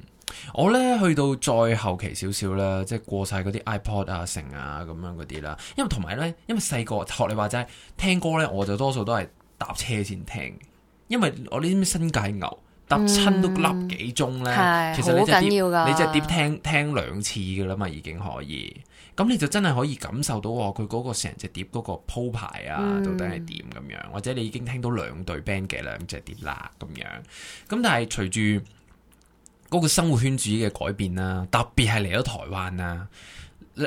我咧去到再後期少少啦，即係過晒嗰啲 iPod 啊、成啊咁樣嗰啲啦。因為同埋咧，因為細個學你話齋聽歌咧，我就多數都係搭車先聽。因為我、嗯、呢啲新界牛搭親都粒幾鐘咧，是其實你隻碟你隻碟聽，聽兩次嘅啦嘛，已經可以。咁你就真係可以感受到我佢嗰個成隻碟嗰個鋪排啊，嗯、到底係點咁樣？或者你已經聽到兩隊 band 嘅兩隻碟啦咁樣。咁但係隨住。包括生活圈子嘅改變啦，特別係嚟咗台灣啊。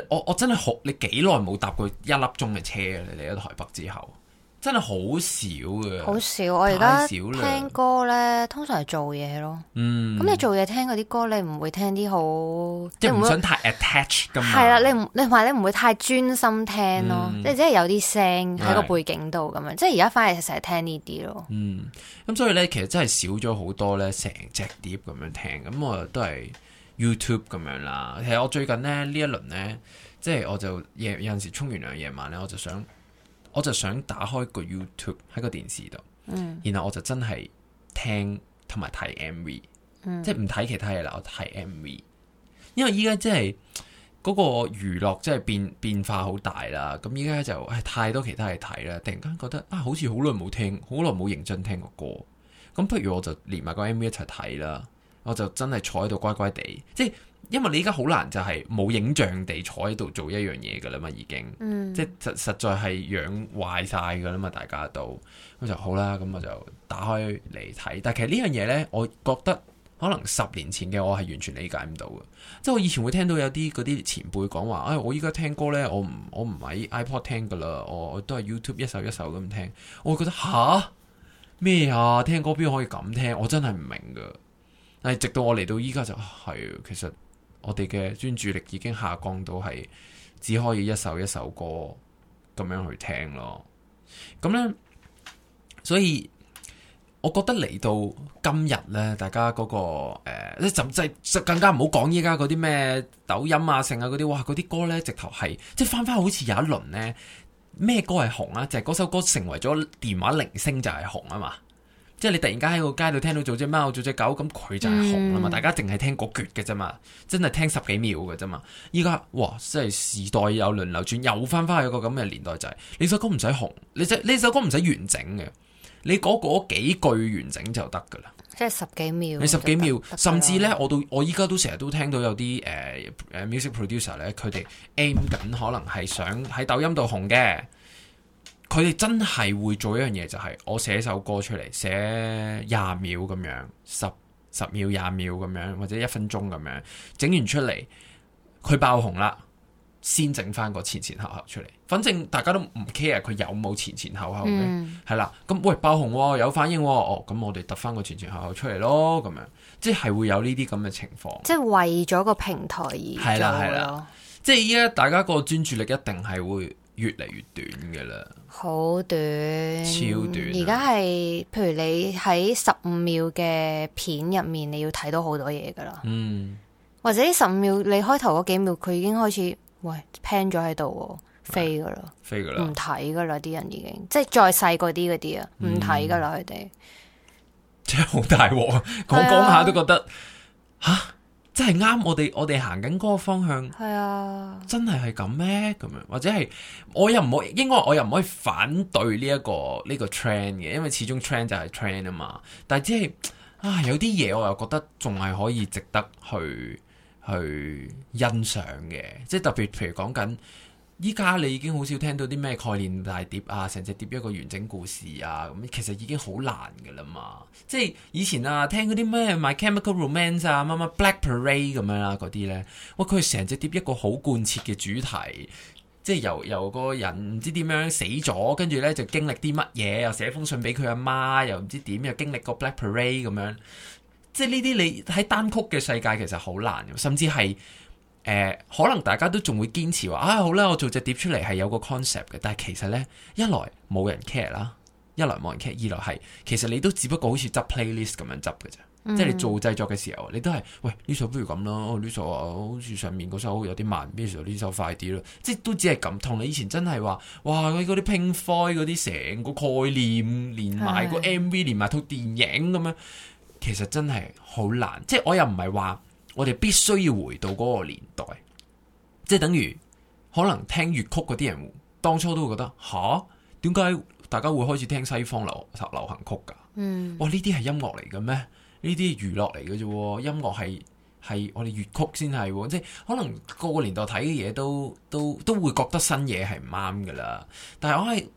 我我真係好，你幾耐冇搭過一粒鐘嘅車啊？你嚟咗台北之後。真係好少嘅，好少。少我而家聽歌咧，通常係做嘢咯。嗯，咁你做嘢聽嗰啲歌你，你唔會聽啲好，即你唔想太 attach 咁。係啦，你唔你話你唔會太專心聽咯，即係有啲聲喺個背景度咁樣。的即係而家反而成日聽呢啲咯。嗯，咁所以咧，其實真係少咗好多咧，成隻碟咁樣聽。咁我都係 YouTube 咁樣啦。其實我最近呢，一輪呢一輪咧，即係我就夜有陣時沖完涼夜晚咧，我就想。我就想打開個 YouTube 喺個電視度，嗯、然後我就真係聽同埋睇 MV，即係唔睇其他嘢啦，我睇 MV。因為依家即係嗰個娛樂即係變變化好大啦，咁依家就係、哎、太多其他嘢睇啦。突然間覺得啊，好似好耐冇聽，好耐冇認真聽過歌，咁不如我就連埋個 MV 一齊睇啦。我就真係坐喺度乖乖地，即係。因為你而家好難，就係冇影像地坐喺度做一樣嘢噶啦嘛，已經，嗯、即係實實在係養壞晒噶啦嘛，大家都咁就好啦。咁我就打開嚟睇，但係其實呢樣嘢呢，我覺得可能十年前嘅我係完全理解唔到嘅。即係我以前會聽到有啲嗰啲前輩講話，誒、哎，我依家聽歌呢，我唔我唔喺 iPod 聽噶啦，我都係 YouTube 一首一首咁聽。我會覺得吓咩啊？聽歌邊可以咁聽？我真係唔明嘅。但係直到我嚟到依家就係、哎，其實。我哋嘅專注力已經下降到係只可以一首一首歌咁樣去聽咯，咁咧，所以我覺得嚟到今日咧，大家嗰、那個誒、呃，就即係就，就更加唔好講依家嗰啲咩抖音啊、剩啊嗰啲，哇，嗰啲歌咧直頭係即係翻翻好似有一輪咧，咩歌係紅啊？就係、是、嗰首歌成為咗電話鈴聲就係紅啊嘛！即係你突然間喺個街度聽到做隻貓做隻狗，咁佢就係紅啦嘛！嗯、大家淨係聽嗰橛嘅啫嘛，真係聽十幾秒嘅啫嘛。而家哇，即係時代又輪流轉，又翻翻去一個咁嘅年代就係呢。你首歌唔使紅，你首首歌唔使完整嘅，你嗰嗰幾句完整就得噶啦。即係十幾秒，你十幾秒，甚至呢，我到我依家都成日都聽到有啲誒、呃呃、music producer 呢，佢哋 aim 緊可能係想喺抖音度紅嘅。佢哋真係會做一樣嘢，就係、是、我寫首歌出嚟，寫廿秒咁樣，十十秒廿秒咁樣，或者一分鐘咁樣，整完出嚟，佢爆紅啦，先整翻個前前後後，後出嚟。反正大家都唔 care 佢有冇前前後後嘅，係啦、嗯。咁、嗯、喂爆紅有反應，哦咁我哋突翻個前前後後，後出嚟咯，咁樣，即係會有呢啲咁嘅情況。即係為咗個平台而係啦係啦，即係依家大家個專注力一定係會。越嚟越短嘅啦，好短，超短。而家係，譬如你喺十五秒嘅片入面，你要睇到好多嘢噶啦。嗯，或者十五秒，你開頭嗰幾秒佢已經開始，喂，pan 咗喺度飛噶啦，飛噶啦，唔睇噶啦，啲人已經，即係再細嗰啲嗰啲啊，唔睇噶啦，佢哋。即係好大鑊啊！講講下都覺得吓。真係啱我哋，我哋行緊嗰個方向。係啊 Yeah.，真係係咁咩？咁樣或者係我又唔可以，應該我又唔可以反對呢一個呢個 trend 嘅，因為始終 trend 就係 trend 啊嘛。但係即係啊，有啲嘢我又覺得仲係可以值得去去欣賞嘅，即係特別譬如講緊。依家你已經好少聽到啲咩概念大碟啊，成隻碟一個完整故事啊，咁其實已經好難噶啦嘛！即係以前啊，聽嗰啲咩《My Chemical Romance》啊、乜乜《Black Parade》咁樣啦，嗰啲呢，哇佢成隻碟一個好貫徹嘅主題，即係由由個人唔知點樣死咗，跟住呢就經歷啲乜嘢，又寫封信俾佢阿媽，又唔知點，又經歷個《Black Parade》咁樣，即係呢啲你喺單曲嘅世界其實好難，甚至係。誒、呃，可能大家都仲會堅持話啊，好啦，我做隻碟出嚟係有個 concept 嘅，但係其實呢，一來冇人 care 啦，一來冇人 care，二來係其實你都只不過好似執 playlist 咁樣執嘅啫，嗯、即係你做製作嘅時候，你都係喂呢首不如咁咯，呢、哦、首好似上面嗰首有啲慢，邊首呢首快啲咯，即係都只係咁。同你以前真係話，哇嗰啲嗰啲 Pink Floyd 嗰啲成個概念，連埋個 MV，< 是的 S 1> 連埋套電影咁樣，其實真係好難。即係我又唔係話。我哋必須要回到嗰個年代，即係等於可能聽粵曲嗰啲人，當初都會覺得吓，點解大家會開始聽西方流流行曲㗎？嗯，哇！呢啲係音樂嚟嘅咩？呢啲娛樂嚟嘅啫，音樂係係我哋粵曲先係，即係可能個個年代睇嘅嘢都都都會覺得新嘢係唔啱㗎啦。但係我係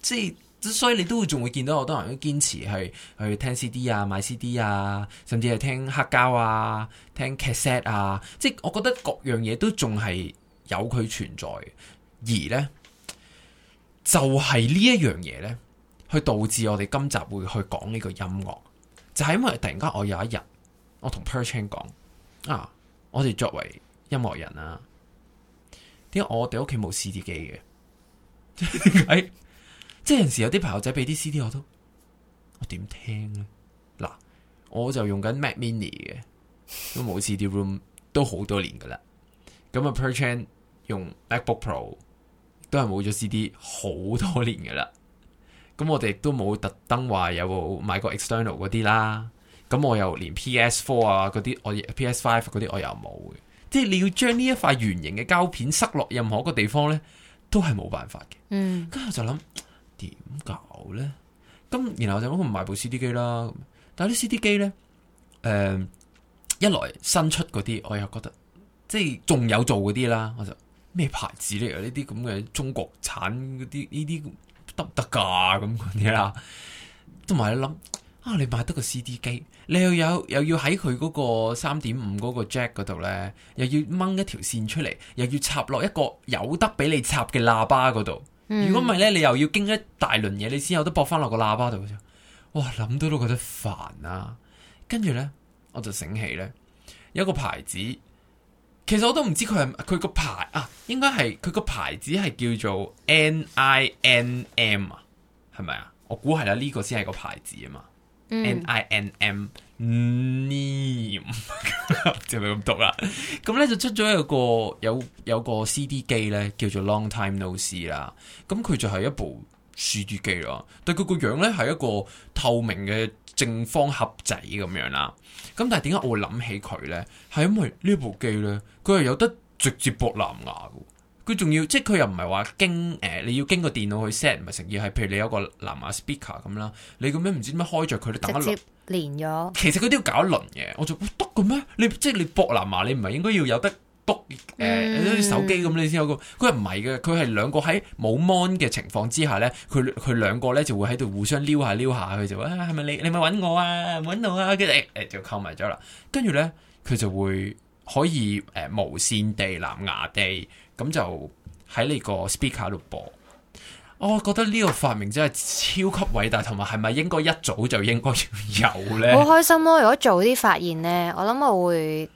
即係。所以你都會仲會見到好多人都堅持去去聽 CD 啊、買 CD 啊，甚至係聽黑膠啊、聽 cassette 啊，即係我覺得各樣嘢，都仲係有佢存在，而呢就係、是、呢一樣嘢呢，去導致我哋今集會去講呢個音樂，就係、是、因為突然間我有一日，我同 Per Chan 講啊，我哋作為音樂人啊，點解我哋屋企冇 CD 機嘅？ 即係有時有啲朋友仔俾啲 CD 我都，我點聽咧？嗱，我就用緊 Mac Mini 嘅，都冇 CD room 都好多年噶啦。咁啊，Per Chan 用 MacBook Pro 都係冇咗 CD 好多年噶啦。咁我哋都冇特登話有冇買過 external 嗰啲啦。咁我又連 PS Four 啊嗰啲，我 PS Five 嗰啲我又冇嘅。即係你要將呢一塊圓形嘅膠片塞落任何一個地方咧，都係冇辦法嘅。嗯，咁我就諗。點搞咧？咁然後就諗住買部 CD 機啦。但係啲 CD 機咧，誒、呃，一來新出嗰啲，我又覺得即係仲有做嗰啲啦。我就咩牌子嚟啊？呢啲咁嘅中國產嗰啲呢啲得唔得噶？咁嗰啲啦，同埋你諗啊，你買得個 CD 機，你又有又要喺佢嗰個三點五嗰個 Jack 嗰度咧，又要掹一條線出嚟，又要插落一個有得俾你插嘅喇叭嗰度。如果唔係咧，你又要經一大輪嘢，你先有得駁翻落個喇叭度啫。哇，諗到都覺得煩啊！跟住咧，我就醒起咧，有一個牌子，其實我都唔知佢係佢個牌啊，應該係佢個牌子係叫做 NINM 啊，係咪啊？我估係啦，呢個先係個牌子啊嘛，NINM。嗯，a m e 就咪咁讀啦。咁咧 就出咗一個有有個 CD 機咧，叫做 Long Time No See 啦。咁佢就係一部 CD 機咯，但係佢個樣咧係一個透明嘅正方盒仔咁樣啦。咁但係點解我會諗起佢咧？係因為部機呢部機咧，佢係有得直接駁藍牙佢仲要，即係佢又唔係話經誒、呃，你要經過電腦去 set，唔係成日係。譬如你有個藍牙 speaker 咁啦，你咁樣唔知點樣開着佢你等一輪。直接連咗。其實佢都要搞一輪嘅，我就篤嘅咩？你即係你駁藍牙，你唔係應該要有得篤誒，呃、手機咁你先有個。佢係唔係嘅？佢係兩個喺冇 mon 嘅情況之下咧，佢佢兩個咧就會喺度互相撩下撩下，佢就誒，係、啊、咪你你咪揾我啊？揾到啊！佢哋誒就溝埋咗啦。跟住咧，佢就會可以誒、呃、無綫地藍牙地。咁就喺呢個 speaker 度播，oh, 我覺得呢個發明真係超級偉大，同埋係咪應該一早就應該要有呢？好 開心咯！如果早啲發現呢，我諗我會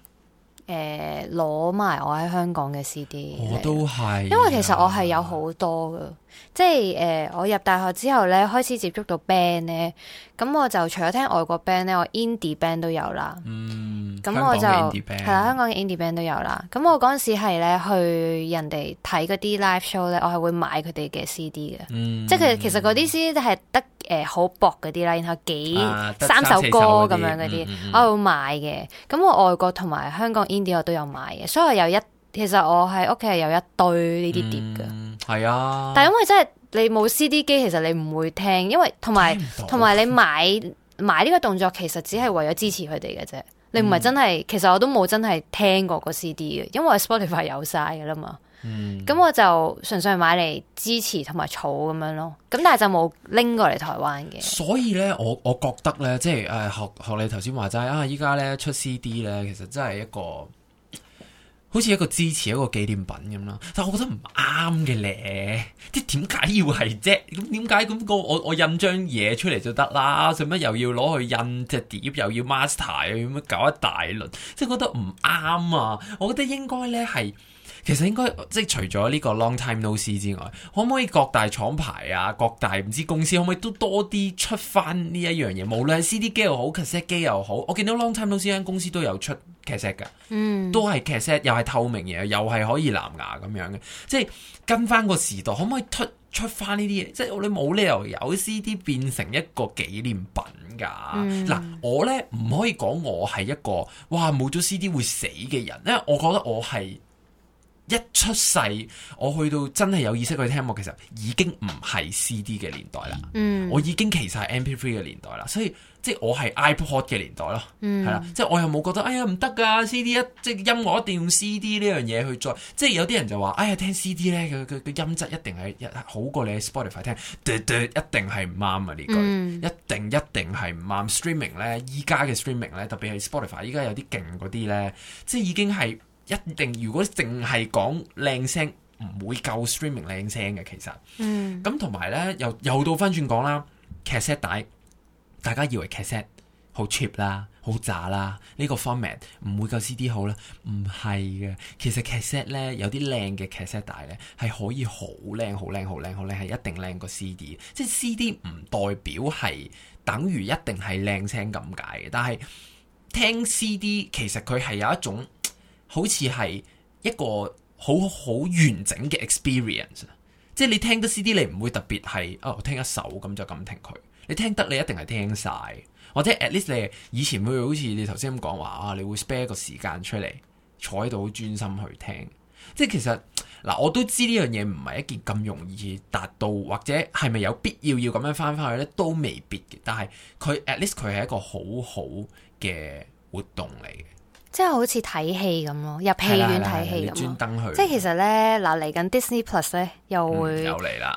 誒攞埋我喺香港嘅 CD，我都係，因為其實我係有好多噶。即係誒、呃，我入大學之後咧，開始接觸到 band 咧，咁我就除咗聽外國 band 咧，我 indie band 都有啦。嗯，咁我就係啦，香港嘅 indie band 都有啦。咁我嗰陣時係咧去人哋睇嗰啲 live show 咧，我係會買佢哋嘅 CD 嘅。嗯、即係其實其實嗰啲 CD 都係得誒好、呃、薄嗰啲啦，然後幾、啊、三首歌咁樣嗰啲，嗯嗯嗯、我會買嘅。咁我外國同埋香港 indie 我都有買嘅，所以我有一。其實我喺屋企係有一堆呢啲碟噶，係、嗯、啊。但係因為真係你冇 CD 機，其實你唔會聽，因為同埋同埋你買買呢個動作，其實只係為咗支持佢哋嘅啫。你唔係真係，嗯、其實我都冇真係聽過個 CD 嘅，因為 Spotify 有晒噶啦嘛。咁、嗯、我就純粹買嚟支持同埋儲咁樣咯。咁但係就冇拎過嚟台灣嘅。所以咧，我我覺得咧，即係誒，學學你頭先話齋啊，依家咧出 CD 咧，其實真係一個。好似一個支持一個紀念品咁啦，但係我覺得唔啱嘅咧，即點解要係啫？咁點解咁個我我印張嘢出嚟就得啦？做乜又要攞去印隻碟，又要 master，又要搞一大輪？即係覺得唔啱啊！我覺得應該咧係。其實應該即係除咗呢個 long time no see 之外，可唔可以各大廠牌啊、各大唔知公司可唔可以都多啲出翻呢一樣嘢？無論係 CD 機又好、cassette 機又好，我見到 long time no see 間公司都有出 cassette 嘅，嗯，都係 cassette 又係透明嘢，又係可以藍牙咁樣嘅，即係跟翻個時代，可唔可以出出翻呢啲嘢？即係你冇理由由 CD 變成一個紀念品㗎嗱、嗯。我咧唔可以講我係一個哇冇咗 CD 會死嘅人，因為我覺得我係。一出世，我去到真係有意識去聽樂其實已經唔係 C D 嘅年代啦。嗯，mm. 我已經其實係 M P three 嘅年代啦，所以即係我係 iPod 嘅年代咯。嗯，係啦，即係我又冇覺得，哎呀唔得噶 C D 一即係音樂一定要用 C D 呢樣嘢去再，即係有啲人就話，哎呀聽 C D 咧，佢佢佢音質一定係好過你 Spotify 聽噠噠，一定係唔啱啊，呢句，一定一定係唔啱。Streaming 咧，依家嘅 Streaming 咧，特別係 Spotify，依家有啲勁嗰啲咧，即係已經係。一定，如果淨係講靚聲，唔會夠 streaming 靚聲嘅。其實，嗯，咁同埋咧，又又到翻轉講啦，cassette 帶，大家以為 cassette 好 cheap 啦，好渣啦，呢個 format 唔會夠 CD 好啦，唔係嘅。其實 cassette 咧有啲靚嘅 cassette 帶咧，係可以好靚、好靚、好靚、好靚，係一定靚過 CD。即係 CD 唔代表係等於一定係靚聲咁解嘅，但係聽 CD 其實佢係有一種。好似係一個好好完整嘅 experience，即係你聽得 CD，你唔會特別係哦聽一首咁就咁聽佢，你聽得你一定係聽晒，或者 at least 你以前會好似你頭先咁講話啊，你會 spare 一個時間出嚟坐喺度好專心去聽。即係其實嗱，我都知呢樣嘢唔係一件咁容易達到，或者係咪有必要要咁樣翻翻去呢？都未必嘅。但係佢 at least 佢係一個好好嘅活動嚟嘅。即係好似睇戲咁咯，入戲院睇戲咁。專登去，即係其實咧嗱，嚟緊 Disney Plus 咧又會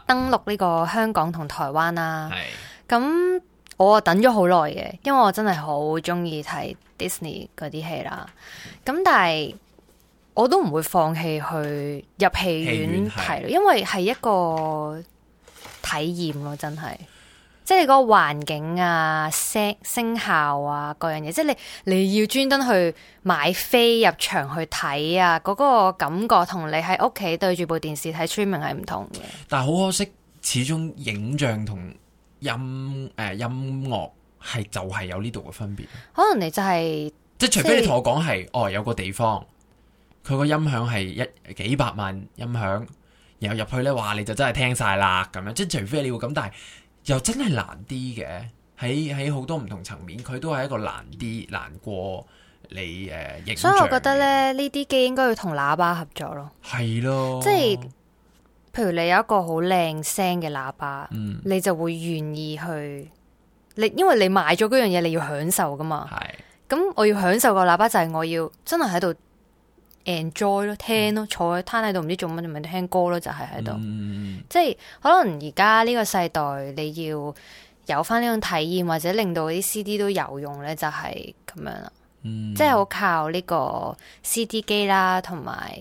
登錄呢個香港同台灣啦。咁、嗯、我等咗好耐嘅，因為我真係好中意睇 Disney 嗰啲戲啦。咁但係我都唔會放棄去入戲院睇，院因為係一個體驗咯，真係。即係嗰個環境啊、聲聲效啊各樣嘢，即係你你要專登去買飛入場去睇啊，嗰、嗰個感覺同你喺屋企對住部電視睇《村明》係唔同嘅。但係好可惜，始終影像同音誒、呃、音樂係就係有呢度嘅分別。可能你就係、是、即係是除非你同我講係是哦，有個地方佢個音響係一幾百萬音響，然後入去呢哇你就真係聽晒啦咁樣。即係除非你會咁，但係。又真係難啲嘅，喺喺好多唔同層面，佢都係一個難啲難過你誒，呃、所以我覺得咧，呢啲機應該要同喇叭合作咯，係是咯即，即係譬如你有一個好靚聲嘅喇叭，嗯、你就會願意去，你因為你買咗嗰樣嘢，你要享受噶嘛，係是，咁我要享受個喇叭就係我要真係喺度。Enjoy 咯，聽咯、嗯，坐喺攤喺度唔知做乜就咪聽歌咯，就係喺度，嗯、即係可能而家呢個世代你要有翻呢種體驗或者令到啲 CD 都有用咧，就係、是、咁樣啦，嗯、即係好靠呢個 CD 機啦，同埋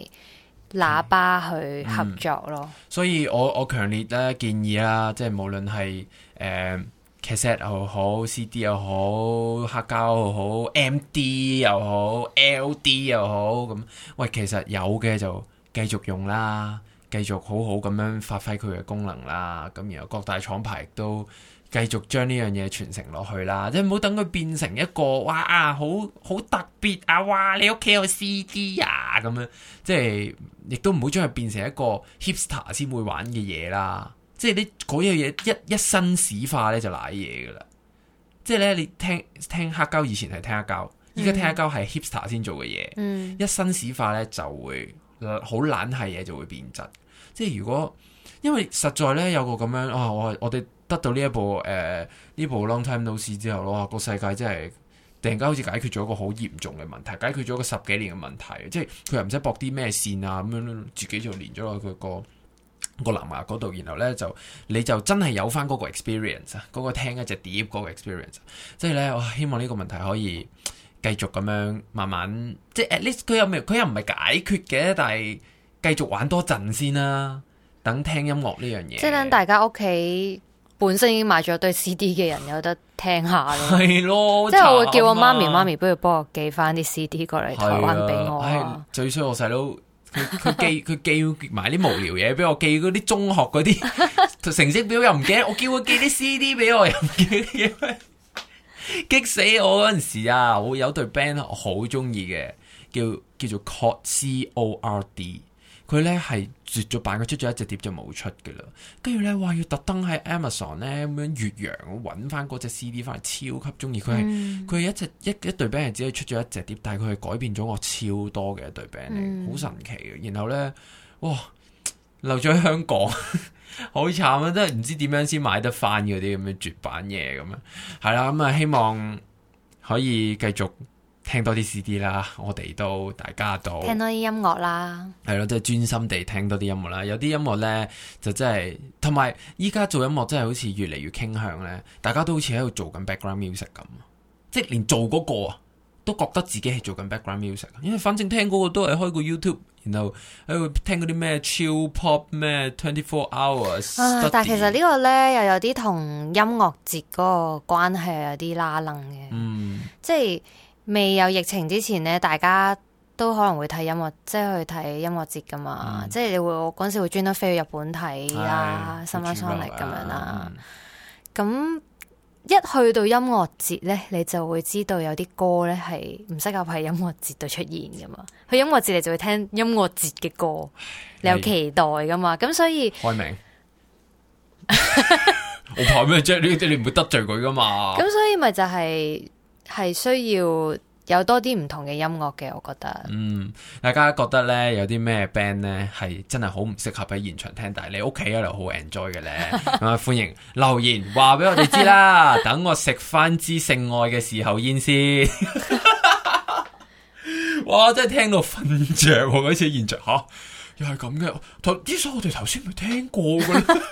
喇叭去合作咯、嗯嗯。所以我我強烈咧建議啦，即係無論係誒。呃 Cassette 又好，CD 又好，黑膠又好，MD 又好，LD 又好咁，喂，其實有嘅就繼續用啦，繼續好好咁樣發揮佢嘅功能啦。咁然後各大廠牌都繼續將呢樣嘢傳承落去啦，即係唔好等佢變成一個哇啊好好特別啊！哇，你屋企有 CD 啊咁樣，即係亦都唔好將佢變成一個 hipster 先會玩嘅嘢啦。即係你嗰樣嘢一一身屎化咧就瀨嘢噶啦，即係咧，你聽聽黑膠，以前係聽黑膠，依家聽黑膠係 hipster 先做嘅嘢，嗯，一身屎化咧就會好懶係嘢就會變質。即係如果因為實在咧有個咁樣啊，我我哋得到呢一部誒呢、呃、部 long time no see 之後，哇、啊、個世界真係突然間好似解決咗一個好嚴重嘅問題，解決咗一個十幾年嘅問題，即係佢又唔使駁啲咩線啊咁樣，自己就連咗落去佢個，個藍牙嗰度，然後咧就你就真係有翻嗰個 experience 啊，嗰個聽一隻碟嗰個 experience，即係咧，我、就是、希望呢個問題可以繼續咁樣慢慢，即係 at least 佢又未，佢又唔係解決嘅，但係繼續玩多陣先啦，啊，等聽音樂呢樣嘢，即係等大家屋企本身已經買咗對 CD 嘅人有得聽下咯，係咯， 即係、啊、我會叫我媽咪媽咪，媽咪不如幫我寄翻啲 CD 過嚟台灣俾我啊，最衰我細佬。佢佢寄佢寄埋啲無聊嘢俾我，寄嗰啲中學嗰啲成績表又唔驚，我叫佢寄啲 C D 俾我又唔驚， 激死我嗰陣時啊！我有隊 band 好中意嘅，叫叫做 Cord, C O R D。佢咧係絕咗版，佢出咗一隻碟就冇出嘅啦。跟住咧，話要特登喺 Amazon 咧咁樣越洋搵翻嗰隻 CD 翻嚟，超級中意。佢係佢係一隻一一對 band，只係出咗一隻碟，但係佢係改變咗我超多嘅一對 band 嚟，好、嗯、神奇嘅。然後咧，哇，留咗喺香港，好 慘啊！真係唔知點樣先買得翻嗰啲咁嘅絕版嘢咁啊。係啦，咁、嗯、啊，希望可以繼續。聽多啲 CD 啦，我哋都，大家都聽多啲音樂啦。係咯，即係專心地聽多啲音樂啦。有啲音樂呢，就真係，同埋依家做音樂真係好似越嚟越傾向呢，大家都好似喺度做緊 background music 咁，即係連做嗰個啊，都覺得自己係做緊 background music。因為反正聽嗰個都係開個 YouTube，然後 you know, 喺度聽嗰啲咩 chill pop 咩 twenty four hours study，啊。但係其實呢個呢，又有啲同音樂節嗰個關係有啲拉楞嘅，嗯，即係。未有疫情之前咧，大家都可能會睇音樂，即係去睇音樂節噶嘛。嗯、即係會我嗰陣時會專登飛去日本睇啦、啊、<唉 >Summer Sonic 咁樣啦。咁一去到音樂節咧，你就會知道有啲歌咧係唔適合喺音樂節度出現噶嘛。去音樂節你就會聽音樂節嘅歌，你有期待噶嘛。咁是所以開明名， 我怕咩啫？你你唔會得罪佢噶嘛？咁 所以咪就係、是。就是係需要有多啲唔同嘅音樂嘅，我覺得。嗯，大家覺得咧有啲咩 band 咧，係真係好唔適合喺現場聽，但係你屋企喺度好 enjoy 嘅咧，咁啊、 嗯、歡迎留言話俾我哋知啦。 等我食翻支性愛嘅事後煙先。 哇！真係聽到瞓着。啊，嗰次現場吓，又係咁嘅。之所我哋頭先咪係聽過嘅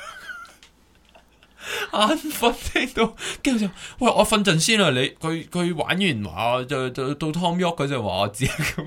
眼瞓聽到，跟住就喂我瞓陣先啊！你佢佢玩完話就就到 Tom 喐佢就話我知咁，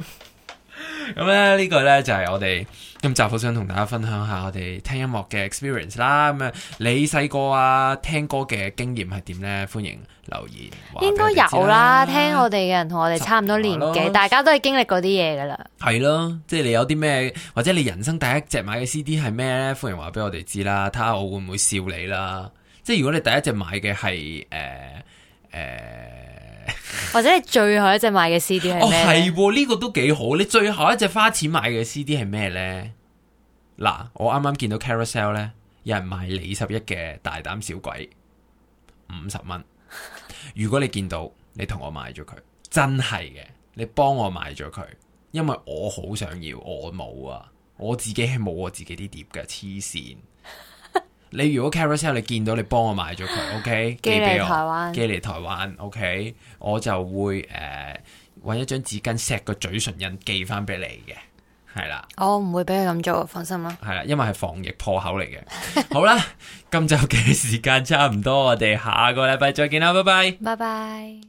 咁咧呢個咧就係、是、我哋今集好想同大家分享下我哋聽音樂嘅 experience 啦咁啊！你細個啊聽歌嘅經驗係點咧？歡迎留言。應該有啦，啦聽我哋嘅人同我哋差唔多年紀，大家都係經歷過啲嘢噶啦。係咯，即係你有啲咩或者你人生第一隻買嘅 CD 係咩咧？歡迎話俾我哋知啦，睇下我會唔會笑你啦。即係如果你第一隻買嘅係誒誒，呃呃、 或者係最後一隻買嘅 CD 係 哦，係呢、這個都幾好。你最後一隻花錢買嘅 CD 係咩呢？嗱，我啱啱見到 Carousell 呢，有人賣李拾壹嘅大膽小鬼五十蚊。如果你見到你同我買咗佢，真係嘅，你幫我買咗佢，因為我好想要，我冇啊，我自己係冇我自己啲碟嘅，黐線。你如果 Carousell 你見到你幫我買咗佢，OK 寄嚟台灣，寄嚟台灣，OK 我就會誒揾、呃、一張紙巾錫個嘴唇印寄翻俾你嘅，係啦。我唔、oh, 會俾佢咁做，放心啦。係啦，因為係防疫破口嚟嘅。 好啦，今週嘅時間差唔多，我哋下個禮拜再見啦，拜拜，拜拜。